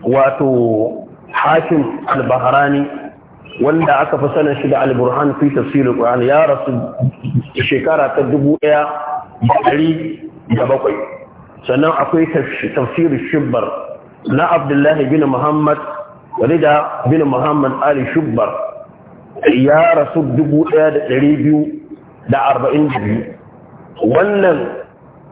S1: واتو حاكم البهراني wanda aka fi sanin shi da al-burhan fi tafsirul qur'an ya rasu shekara ta dubu ɗaya da ɗari da bakwai sannan akwai tafsirul shubbar na abdullahi bin muhammad rida bin muhammad ali shubbar ya rasu dubu ɗaya da ɗari biyu da arba'in da biyu wannan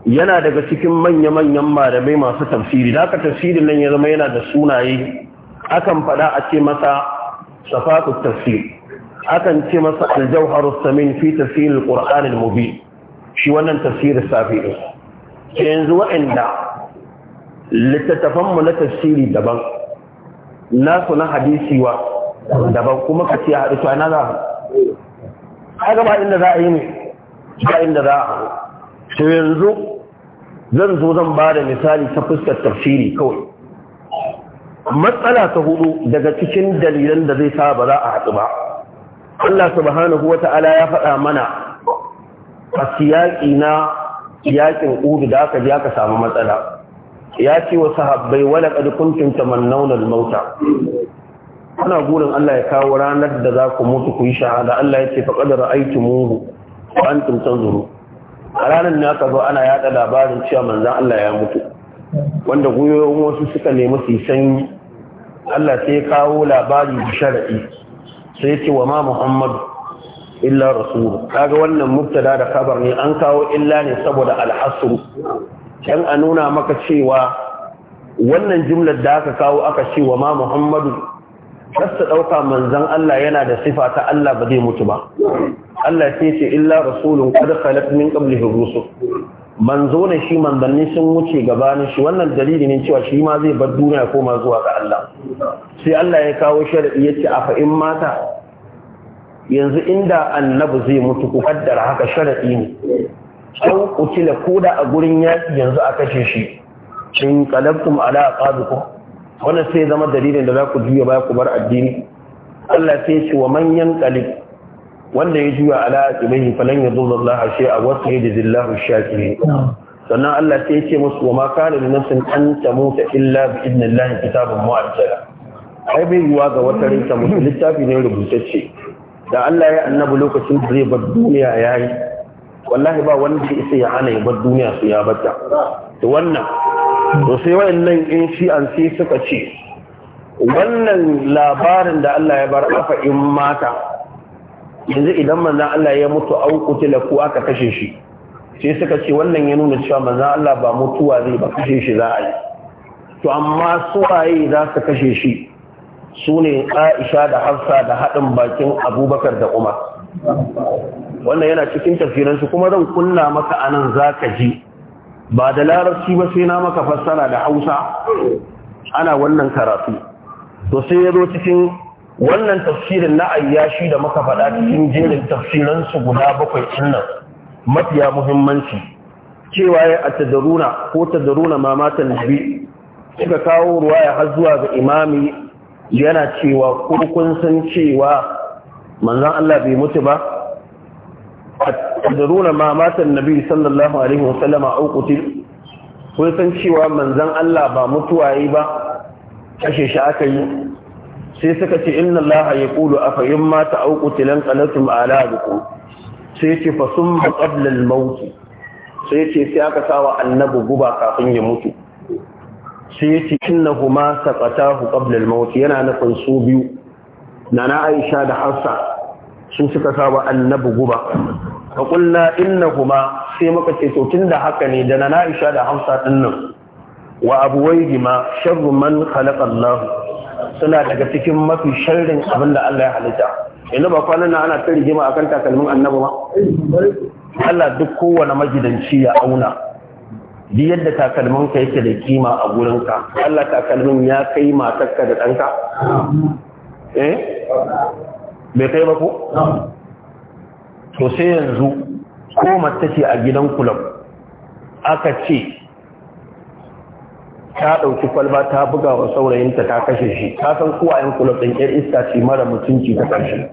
S1: yana daga cikin manya-manyan malamai masu tafsiri da aka tafsirin nan ya zama yana da sunaye akan faɗa a ce masa shafaqu tafsir akan ce masa al-jawharu samin fi tafsir al-qur'an al-mubin shi wannan tafsir safi din yanzu wa'anda littattafan mu na tafsiri daban nasu na hadisi wa daban kuma ka ce haɗu to ina za a ga ba inda za a yi ne ba inda za a to yanzu zan zo zan ba da misali ta fuskar tafsiri kawai matsala ta hudu daga cikin dalilan da zai sa ba za a haɗu ba Allah subhanahu ta'ala ya faɗa mana a siyaƙi na yaƙin ƙudu da aka ji aka samu matsala ya ce wa sahabbai wala qad kuntum tamannawna al-mauta ana gurin Allah ya kawo ranar da za ku mutu ku yi shahada Allah ya ce faqad ra'aytumuhu an tuntun tanzuru a ranar ne aka zo ana yada labarin cewa manzon Allah ya mutu wanda goyoyin wasu suka nemi su sanyi Allah sai kawo labari da shar'i sai ce wa ma Muhammadu illa rasul kaga wannan mubtada da kabar ne an kawo illa ne saboda al'asr dan a nuna maka cewa wannan jumlar da aka kawo aka ce wa ma Muhammadu kasta dauka manzon Allah yana da sifa ta Allah ba zai mutu ba Allah sai ce illa rasulun qad khalat min qablihi rusul manzo ne shi manzanni sun wuce gabanin shi wannan dalili ne cewa shi ma zai bar duniya ma zuwa ga Allah sai Allah ya kawo sharadi ya a fa mata yanzu inda annabi zai mutu ku kaddara haka sharadi ne an kutila koda a gurin yaki yanzu a kashe shi in qalabtum ala aqabikum wannan sai zama dalilin da za ku juya baya ku bar addini Allah sai ya ce wa manyan yanqalib wanda ya juya ala ilayhi falan yadurra Allah shay'a wa sayyidillahu shakirin sannan Allah sai ya ce musu wa ma kana li nafsin an tamuta illa bi idnillahi kitabun mu'ajjala ai bai yiwa ga wata rinta musu littafi ne rubutacce da Allah ya annabi lokacin da zai bar duniya yayi wallahi ba wanda ya isa ya hana ya bar duniya su ya bata to wannan to sai wayannan in shi an sai suka ce wannan labarin da Allah ya bar afa in mata yanzu idan manzan Allah ya mutu an kutila ko aka kashe shi sai suka ce wannan ya nuna cewa manza Allah ba mutuwa zai ba kashe shi za a yi to amma suwaye za su kashe shi su ne Aisha da Hafsa da haɗin bakin Abubakar da Umar wannan yana cikin tafsiransu kuma zan kunna maka anan zaka ji ba da larabci ba sai na maka fassara da Hausa ana wannan karatu to sai ya zo cikin wannan tafsirin na ayyashi da muka faɗa cikin jerin tafsiransu guda bakwai ɗin nan mafiya muhimmanci cewa ya a tadaruna ko tadaruna mamatan nabi suka kawo ruwaya har zuwa ga imami yana cewa kurkun san cewa manzan Allah bai mutu ba A tadaruna mamatan nabi sallallahu alaihi wasallam a uqutil kun san cewa manzan Allah ba mutuwa yi ba kashe shi aka yi sai suka ce inna allaha yaqulu ta auku tilan qalatum ala bikum sai ce fa sun qabla al mauki. sai ce sai aka sawa annabi guba kafin ya mutu sai ya ce innahuma huma qabla al mauki yana nufin su biyu nana Aisha da Hafsa sun suka sawa annabi guba fa qulna huma sai muka ce to tunda haka ne da nana Aisha da Hafsa nan. wa abuwaihima sharru man khalaqa Allah suna daga cikin mafi sharrin abin da Allah ya halitta yanzu ba kwanan nan ana ta a akan takalmin annabi ma Allah duk kowane magidanci ya auna bi yadda takalmin ka yake da kima a gurinka, ka Allah takalmin ya kai matarka da ɗanka eh bai kai ba ko to sai yanzu ko mace ce a gidan kulab aka ce ta ɗauki kwalba ta buga wa saurayinta ta kashe shi ta san kowa yan kula ɗin 'yar iska ce mara mutunci ta ƙarshe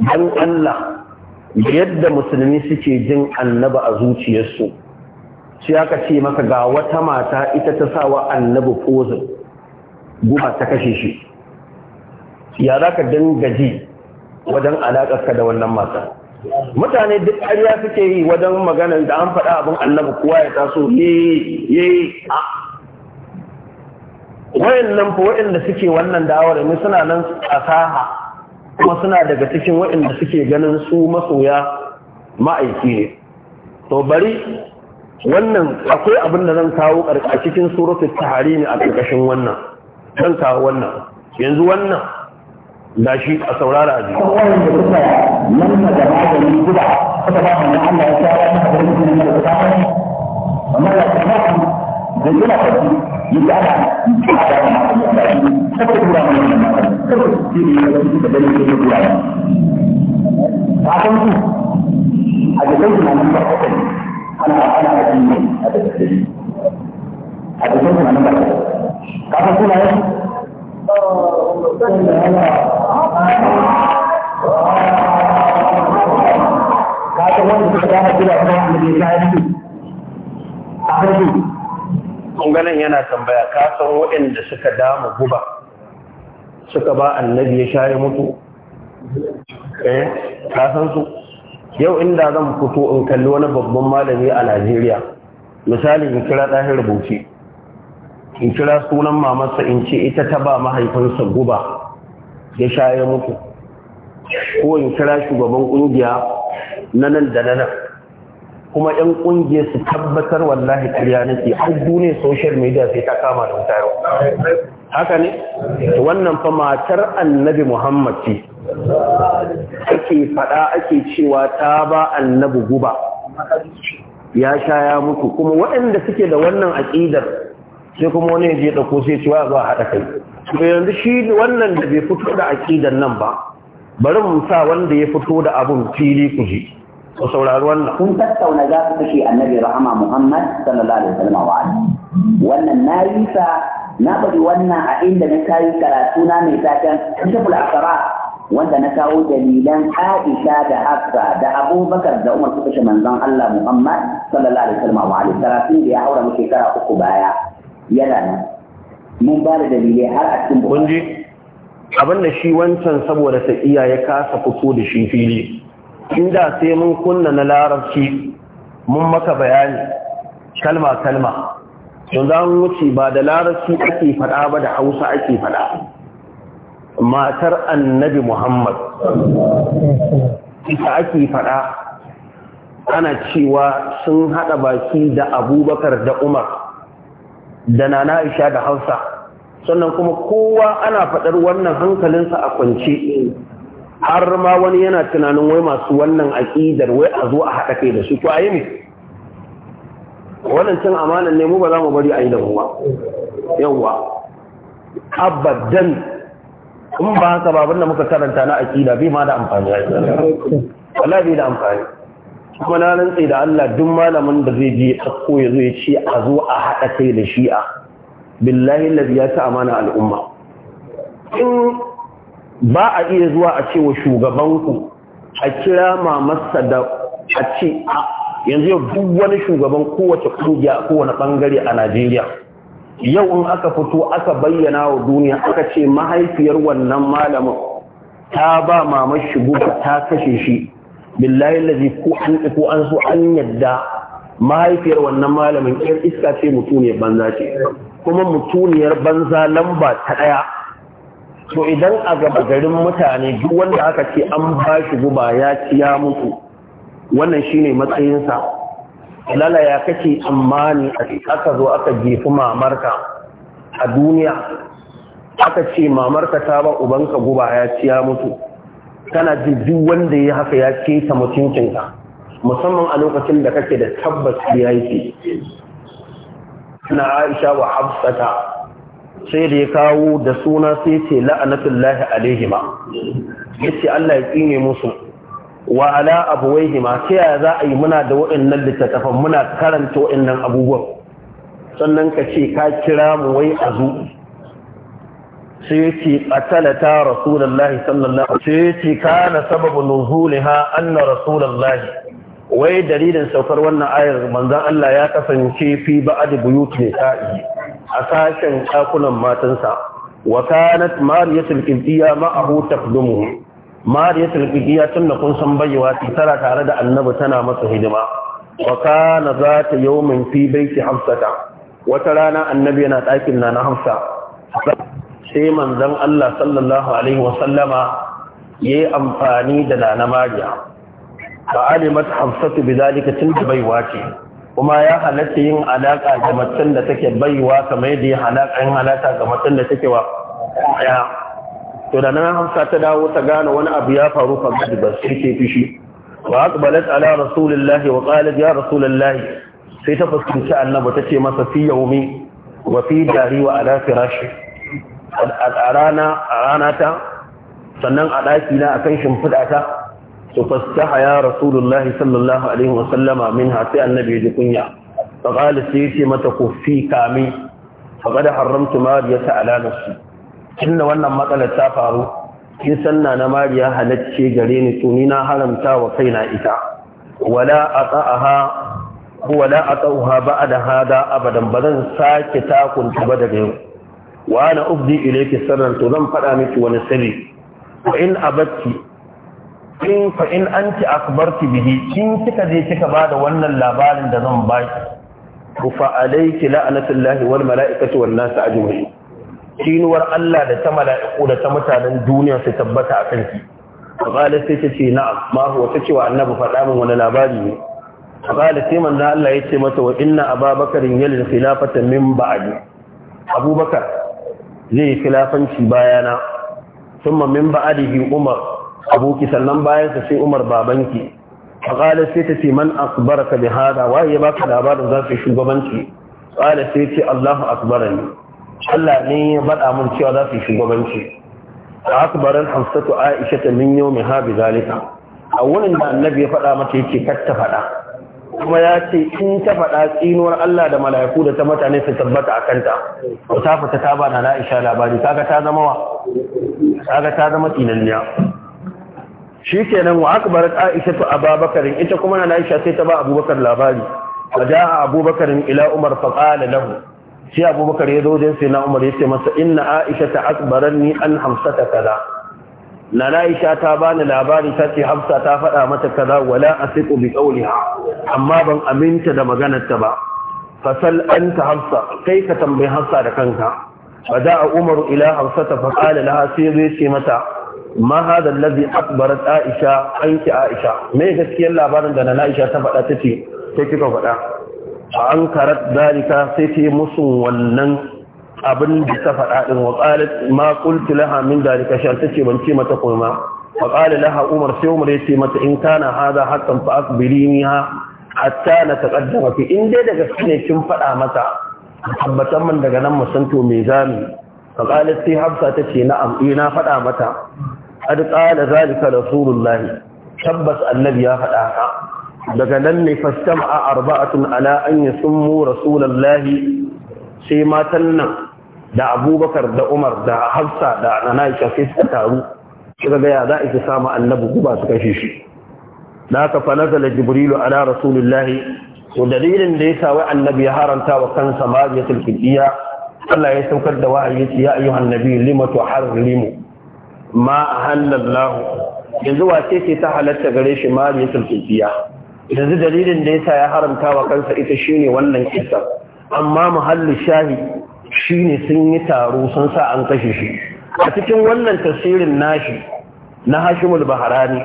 S1: don Allah yadda musulmi suke jin annaba a zuciyarsu sai aka ce maka ga wata mata ita ta sawa annabi pozin guba ta kashe shi ya za ka ji wajen alaƙarka da wannan mata mutane duk ƙarya suke yi wajen maganar da an faɗa abin annabi kowa ya taso yi yi wayannan fa wayanda suke wannan da'awar ne suna nan saha kuma suna daga cikin wayanda suke ganin su masoya ma'aiki ne to bari wannan akwai abin da zan kawo a cikin suratul tahrim a karkashin wannan zan kawo wannan yanzu wannan shi a saurara a jiki wannan da da ba mu Allah
S2: ya maka da da يتابع يتابع تكتب لهم فعشان كده أجدنا من بحثنا أنا أنا أجدني أجدنا من بحثنا كيف تقول هاي؟ كيف تقول هذا كده أنا من بحثنا
S1: ganin yana tambaya ka san waɗanda suka dama guba suka ba annabi ya share mutu eh ka san su yau inda zan fito in kalli wani babban malami a Najeriya misali in kira ɗahir rubuce in kira sunan mamarsa in ce ita ta ba mahaifinsa guba ya shaye mutu ko in kira shugaban ƙungiya na nan da na kuma yan kungiyar su tabbatar wallahi ƙarya nake har duniyar social media sai ta kama da wuta yau haka ne wannan fa matar annabi muhammad ce ake faɗa ake cewa ta ba annabi guba ya sha ya mutu kuma waɗanda suke da wannan aƙidar sai kuma wani je ɗauko sai cewa ba a haɗa kai to yanzu shi wannan da bai fito da aƙidar nan ba bari mu sa wanda ya fito da abun fili ku ku saurari wannan kun tattauna za ku kashe annabi rahama muhammad sallallahu alaihi wasallam wa wannan na yi sa na bari wannan a inda na kayi karatu na mai taken kashaful asara wanda na kawo dalilan Aisha da Hafsa da Abubakar da Umar suka shi manzon Allah Muhammad sallallahu alaihi wasallam wa alaihi salatu da ya haura mu shekara uku baya yana nan mun ba da dalilai har a cikin kun ji abin da shi wancan saboda sa iya ya kasa fito da shi fili inda sai mun kunna na larabci mun maka bayani kalma kalma don za mu wuce ba da larabci ake faɗa ba da hausa ake faɗa matar annabi muhammad ita ake faɗa ana cewa sun haɗa baki da abubakar da umar da nana aisha da hausa sannan kuma kowa ana faɗar wannan hankalinsa a kwance har ma wani yana tunanin wai masu wannan aƙidar wai a zo a haɗa kai da su ko a yi ne wannan cin amanan ne mu ba za mu bari a yi da ruwa yawwa abadan in ba haka ba da muka karanta na aƙida bai ma da amfani wala bai da amfani kuma na rantsi da Allah duk malamin da zai je ta ya zo ya ce a zo a haɗa kai da shi'a billahi labi ya ta amana al'umma in ba a iya zuwa a ce wa shugabanku a kira mamarsa da a ce a yanzu yau duk wani shugaban kowace kungiya a kowane bangare a Najeriya yau in aka fito aka bayyana wa duniya aka ce mahaifiyar wannan malamin ta ba mamar shigo ta kashe shi billahi lazi ko an ko an so an yadda mahaifiyar wannan malamin yar iska ce mutuniyar banza ce kuma mutuniyar banza lamba ta daya to idan a gaba garin mutane duk wanda aka ce an ba shi guba ya ci ya mutu wannan shine matsayinsa lala ya kace amma ni aka zo aka jefi mamarka a duniya aka ce mamarka ta ba ubanka guba ya ci ya mutu tana jirgin wanda ya haka ya ce ta mutuncinka musamman a lokacin da kake da tabbas ya yi na Aisha wa Hafsata sai da ya kawo da suna sai ce la'anatullahi alaihima ce Allah ya tsine musu wa ala abuwaihima ta yaya za a yi muna da waɗannan littattafan muna karanta waɗannan abubuwan sannan ka ce ka kira mu wai a zu sai ce yace qatalata rasulullahi sallallahu alaihi sai yace kana sababu nuzuliha anna rasulullahi wai dalilin saukar wannan ayar manzon Allah ya kasance fi ba'ad buyut nisa'i a sashen ɗakunan matansa wa kanat mariyatul qibtiyya ma'ahu taqdumu Mariya qibtiyya tun da kun san bayyawa tana tare da annabi tana masa hidima wa kana zata min fi baiti hafsata wata rana annabi yana ɗakin na na hafsa sai manzon Allah sallallahu alaihi wa sallama yayi amfani da na mariya fa alimat hafsatu bidalika tun da baiwa ce kuma ya halatta yin alaka ga macen da take baiwa kamar yadda ya halaka yin alaka ga macen da take wa ya to da nan hamsa ta dawo ta gane wani abu ya faru fa gadi ba sai ke fishi wa aqbalat ala rasulillahi wa qalat ya rasulillahi sai ta fuskanci annabi tace masa fi yaumi wa fi dari wa ala firashi a rana a rana ta sannan a daki na akan shimfiɗa ta Su fastaha ya rasulullah sallallahu alaihi wa sallama minha sai annabi ji kunya fa qala sai ce mata kofi kami fa da haramtu mariyata ala nafsi kinna wannan matsalar ta faru kin sanna na mariya halacce gare ni to ni na haramta wa kaina ita wala ata'aha da ata'uha ba'da hada abadan bazan sake takunta ba da yau wa ana ubdi ilayki sirran to zan faɗa miki wani sirri wa in abatti in fa in anti akbarti bihi kin kika je kika bada wannan labarin da zan baki ku fa alayki la'natullahi wal mala'ikati wan nas ajma'in kinuwar Allah da ta mala'iku da ta mutanen duniya su tabbata a kanki qala sai ta ce na'am ma huwa ta ce wa annabi faɗa min wani labari ne qala sai manzo Allah ya ce mata wa inna ababakar yalil khilafata min ba'di abubakar zai khilafanci bayana thumma min ba'dihi umar abuki sannan bayansa sai umar babanki faƙalar sai ta ce man ka bi hada waye ba ka labarin za su shugabanci ƙalar sai ce allahu akbara ne allah ne ya baɗa mun cewa za su shugabanci a akbaran hamsatu aisha ta min yau mai habi zalika a wurin da annabi ya faɗa mata yake kar ta faɗa kuma ya ce in ta faɗa tsinuwar allah da mala'iku da ta mutane su tabbata a kanta ta fita ta ba na na'isha labari kaga ta zama wa kaga ta zama tsinanniya shikenan wa akbarat aisha tu ababakar ita kuma na aisha sai ta ba abubakar labari faja'a abubakar ila umar fa qala lahu sai abubakar ya zo wajen sai na umar ya ce masa inna aisha ta akbarani an hamsata kaza na aisha ta bani labari ta ce hafsa ta faɗa mata kaza wala asiqu bi qawliha amma ban aminta da maganar ta ba fasal anta hafsa kai ka tambayi hafsa da kanka fada'a umar ila hafsata fa qala laha sai zai ce mata ma hada allazi akbarat aisha anki aisha me gaskiyar labarin da na aisha ta faɗa tace sai kika faɗa fa ankarat dalika sai ta musu wannan abin da ta faɗa din wa qalat ma qultu laha min dalika sha tace ban ce mata kuma fa qala laha umar sai umar yace mata in kana hada hakan fa akbiriniha hatta na taqaddama fi in dai da gaske ne kin faɗa mata tabbatan man daga nan mu san me zamu fa qalat sai hafsa tace na'am ina eh, na faɗa mata qad qala zalika rasulullahi tabbas annabi ya faɗa haka daga nan ne fastama'a arba'atun ala an yasummu rasulullahi sai matan nan da abubakar da umar da hafsa da anaisha sai suka taru suka ga ya za a isa samu annabi guba su kashe shi da aka fa nazala jibrilu ala rasulullahi to dalilin da ya sa wai annabi ya haranta wa kansa mariyatul qibdiya Allah ya saukar da wahayi ya ayyuhan nabi lima tuharrimu ma halallahu yanzu wace ce ta halatta gare shi mariyatul kifiya yanzu dalilin da yasa ya haramta wa kansa ita shine wannan kisa amma muhallu shahi shine sun yi taro sun sa an kashe shi a cikin wannan tasirin nashi na Hashimul Baharani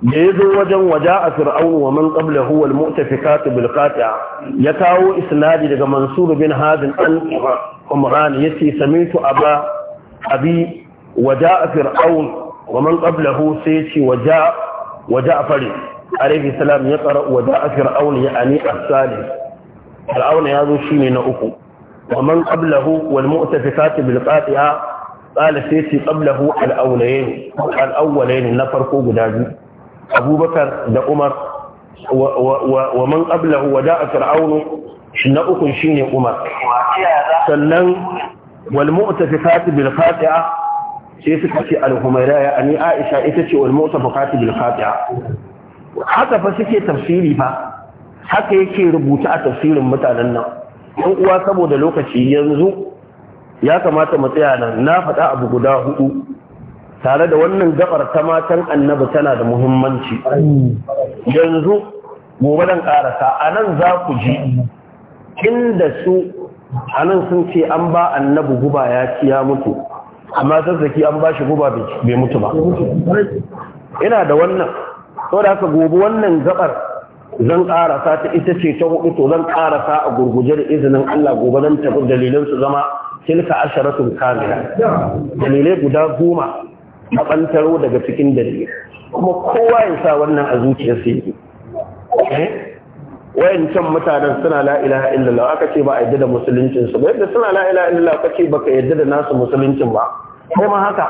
S1: da zo wajen a fir'aunu wa man qablahu wal mu'tafikat bil qati'a ya kawo isnadi daga Mansur bin Hadin an Umran yace samitu aba abi waja fir'aun wa man qablahu sai ce waja waja fari alaihi salam ya tsara waja fir'aun ya ani as-salis fir'aun ya zo shine na uku wa man qablahu wal mu'tafikati bil qati'a qala sai ce qablahu al-awlayn al na farko guda biyu abubakar da umar wa man na shine umar sannan wal mu'tafikati sai suka ce al-humaira ya ani aisha ita ce wal mutafaqati bil khati'a haka fa suke tafsiri fa haka yake rubuta a tafsirin mutanen nan ɗan uwa saboda lokaci yanzu ya kamata mu tsaya nan na faɗa abu guda hudu tare da wannan gabar ta matan annabi tana da muhimmanci yanzu gobe dan karasa a nan za ku ji inda su a nan sun ce an ba annabi guba ya ci ya mutu amma zazzaki an ba shi guba bai mutu ba ina da wannan to da aka gobe wannan gabar zan karasa ta ita ce ta hudu to zan karasa a gurguje da izinin Allah gobe zan tafi dalilan su zama tilka asharatun kamila dalilai guda goma a ɓantaro daga cikin dalilai kuma kowa ya sa wannan a zuciyarsa yake eh? Wayan can mutanen suna la ilaha illallah aka ce ba a yadda da musuluncin su ba yadda suna la ilaha illallah aka ce baka yadda da nasu musuluncin ba kai ma haka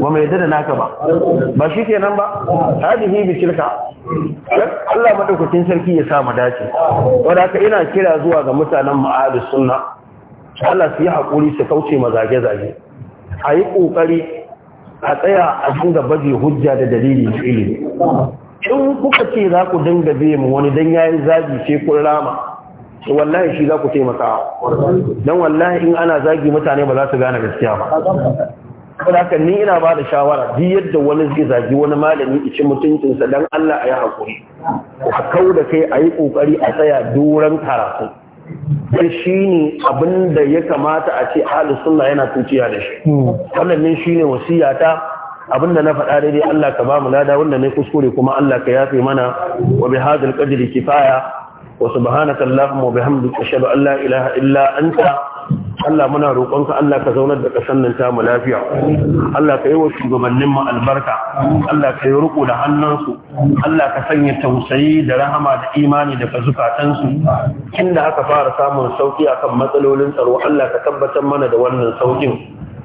S1: ba mai yadda da naka ba ba shi kenan ba hadihi bi shirka Allah madaukakin sarki ya sa mu dace wanda haka ina kira zuwa ga mutanen ma'adus sunna Allah su yi hakuri su kauce ma zage zage a yi kokari a tsaya a dinga baje hujja da dalili ilimi in kuka ce za ku dinga biye mu wani dan yayi zagi sai kun rama to wallahi shi za ku taimaka dan wallahi in ana zagi mutane ba za su gane gaskiya ba saboda haka ni ina ba da shawara duk yadda wani zai zagi wani malami ici mutuncinsa dan Allah a yi hakuri a kau da kai a yi kokari a tsaya duran karatu sai shi ne abin da ya kamata a ce ahalus sunna yana tuciya da shi hmm. wannan ne shi wasiyata abinda na faɗa daidai Allah ka ba mu lada wanda ne kuskure kuma Allah ka yafe mana wa bi hadal qadri kifaya wa subhanaka allahumma wa bihamdika ashhadu an la ilaha illa anta Allah muna roƙonka Allah ka zaunar da ƙasar nan ta mu lafiya Allah ka yi wa shugabannin mu albarka Allah ka yi riko da hannunsu Allah ka sanya tausayi da rahama da imani daga zukatansu inda aka fara samun sauki akan matsalolin tsaro Allah ka tabbatar mana da wannan saukin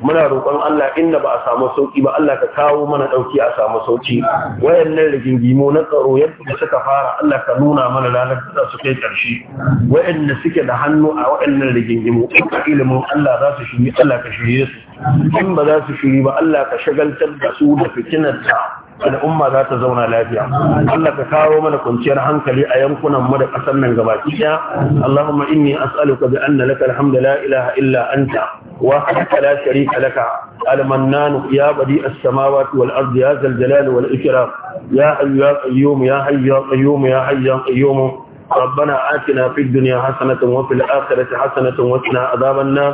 S1: muna roƙon Allah inda ba a samu sauƙi, ba Allah ka kawo mana ɗauki a samu sauki wayannan rigingimo na tsaro yadda da suka fara Allah ka nuna mana ranar da su kai ƙarshe wayanda suke da hannu a wayannan rigingimo in ka ilimin Allah za su shiri Allah ka shirye su in ba za su shiri ba Allah ka shagaltar da su da fitinar ta al'umma za ta zauna lafiya Allah ka kawo mana kwanciyar hankali a yankunan mu da ƙasar nan gabaki ɗaya Allahumma inni as'aluka bi anna laka alhamdu la ilaha illa anta wa hatta la sharika laka al-mannan ya badi as-samawati wal ardi ya zal jalali wal ikram ya hayyu ya qayyum ya hayyu ya qayyum ya hayyu ya qayyum ربنا آتنا في الدنيا حسنة وفي الآخرة حسنة وقنا عذاب النار